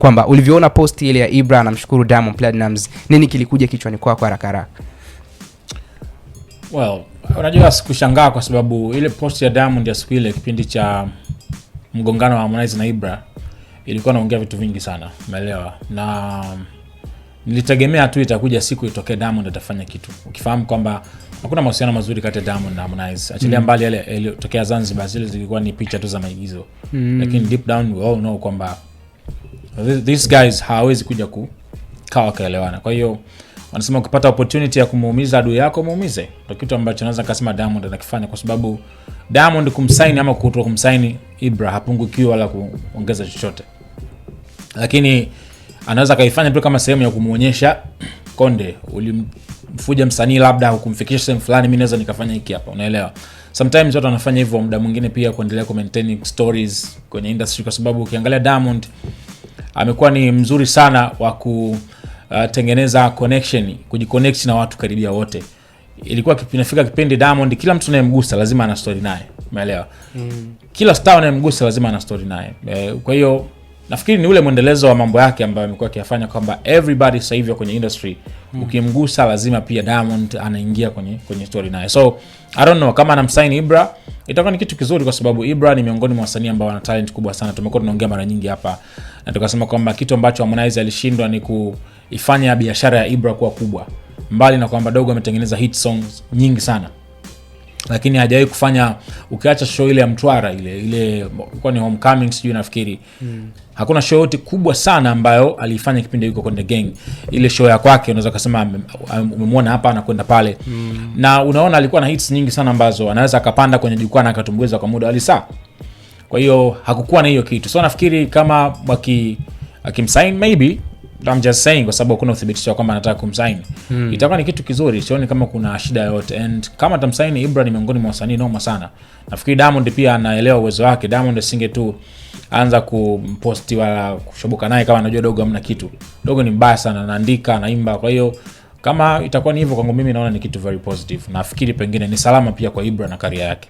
kwamba ulivyoona post ile ya Ibra anamshukuru Diamond platinums nini kilikuja kichwani kwako haraka haraka? Well, unajua sikushangaa kwa sababu ile post ya Diamond ya siku ile kipindi cha mgongano wa Harmonize na Ibra ilikuwa naongea vitu vingi sana, umeelewa? Na nilitegemea tu itakuja siku itokee Diamond atafanya kitu, ukifahamu kwamba hakuna mahusiano mazuri kati ya Diamond na Harmonize, achilia mm. mbali yale iliyotokea Zanzibar, zile zilikuwa ni picha tu za maigizo, mm. lakini deep down we all know kwamba this guys hawawezi kuja kukaa wakaelewana. Kwa hiyo wanasema ukipata opportunity ya kumuumiza adui yako muumize. Ndio kitu ambacho naweza kusema Diamond anakifanya, kwa sababu Diamond kumsaini ama kuto kumsaini Ibra hapungukiwi wala kuongeza chochote, lakini anaweza kaifanya tu kama sehemu ya kumuonyesha Konde, ulimfuja msanii labda hukumfikisha sehemu fulani, mimi naweza nikafanya hiki hapa, unaelewa. Sometimes watu wanafanya hivyo muda mwingine pia kuendelea kumaintain stories kwenye industry, kwa sababu ukiangalia Diamond amekuwa ni mzuri sana wa kutengeneza connection, kujiconnect na watu karibia wote. Ilikuwa inafika kipindi Diamond, kila mtu anayemgusa lazima ana story naye, umeelewa? mm. kila star unayemgusa lazima ana story naye e, kwa hiyo nafikiri ni ule mwendelezo wa mambo yake ambayo amekuwa akiyafanya kwamba everybody sasa hivi kwenye industry mm. ukimgusa lazima pia Diamond anaingia kwenye kwenye story naye. So I don't know kama anamsign Ibra itakuwa ni kitu kizuri, kwa sababu Ibra ni miongoni mwa wasanii ambao wana talent kubwa sana. Tumekuwa tunaongea mara nyingi hapa na tukasema kwamba kitu ambacho Harmonize alishindwa ni kuifanya biashara ya Ibra kuwa kubwa, mbali na kwamba dogo ametengeneza hit songs nyingi sana lakini hajawai kufanya ukiacha show ile ya Mtwara ile ile kwa ni homecoming sijui nafikiri mm. Hakuna show yote kubwa sana ambayo aliifanya kipindi yuko Konde Gang. Ile show ya kwake unaweza kusema umemwona hapa anakwenda pale mm. Na unaona alikuwa na hits nyingi sana ambazo anaweza akapanda kwenye jukwaa na akatumbuiza kwa muda alisa Kwa hiyo hakukuwa na hiyo kitu, so nafikiri kama waki akimsign maybe I'm just saying kwa sababu hakuna uthibitisho kwamba anataka kumsaini. Hmm. Itakuwa ni kitu kizuri, sioni kama kuna shida yoyote. And kama atamsaini Ibra ni miongoni mwa wasanii noma sana. Nafikiri Diamond pia anaelewa uwezo wake. Diamond asinge tu anza kumposti wala kushoboka naye kama anajua dogo amna kitu. Dogo ni mbaya sana, anaandika, anaimba. Kwa hiyo kama itakuwa ni hivyo, kwangu mimi naona ni kitu very positive. Nafikiri pengine ni salama pia kwa Ibra na karia yake.